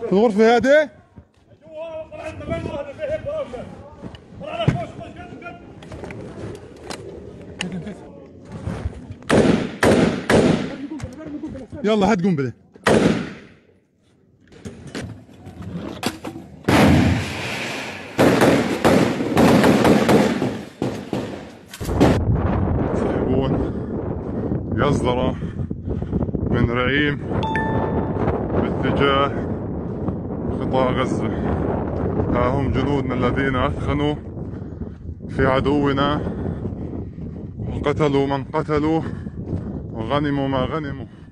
في الغرفة هذه يلا هات قنبلة يصدر من رعيم باتجاه قطاع غزة ها هم جنودنا الذين أثخنوا في عدونا وقتلوا من قتلوا وغنموا ما غنموا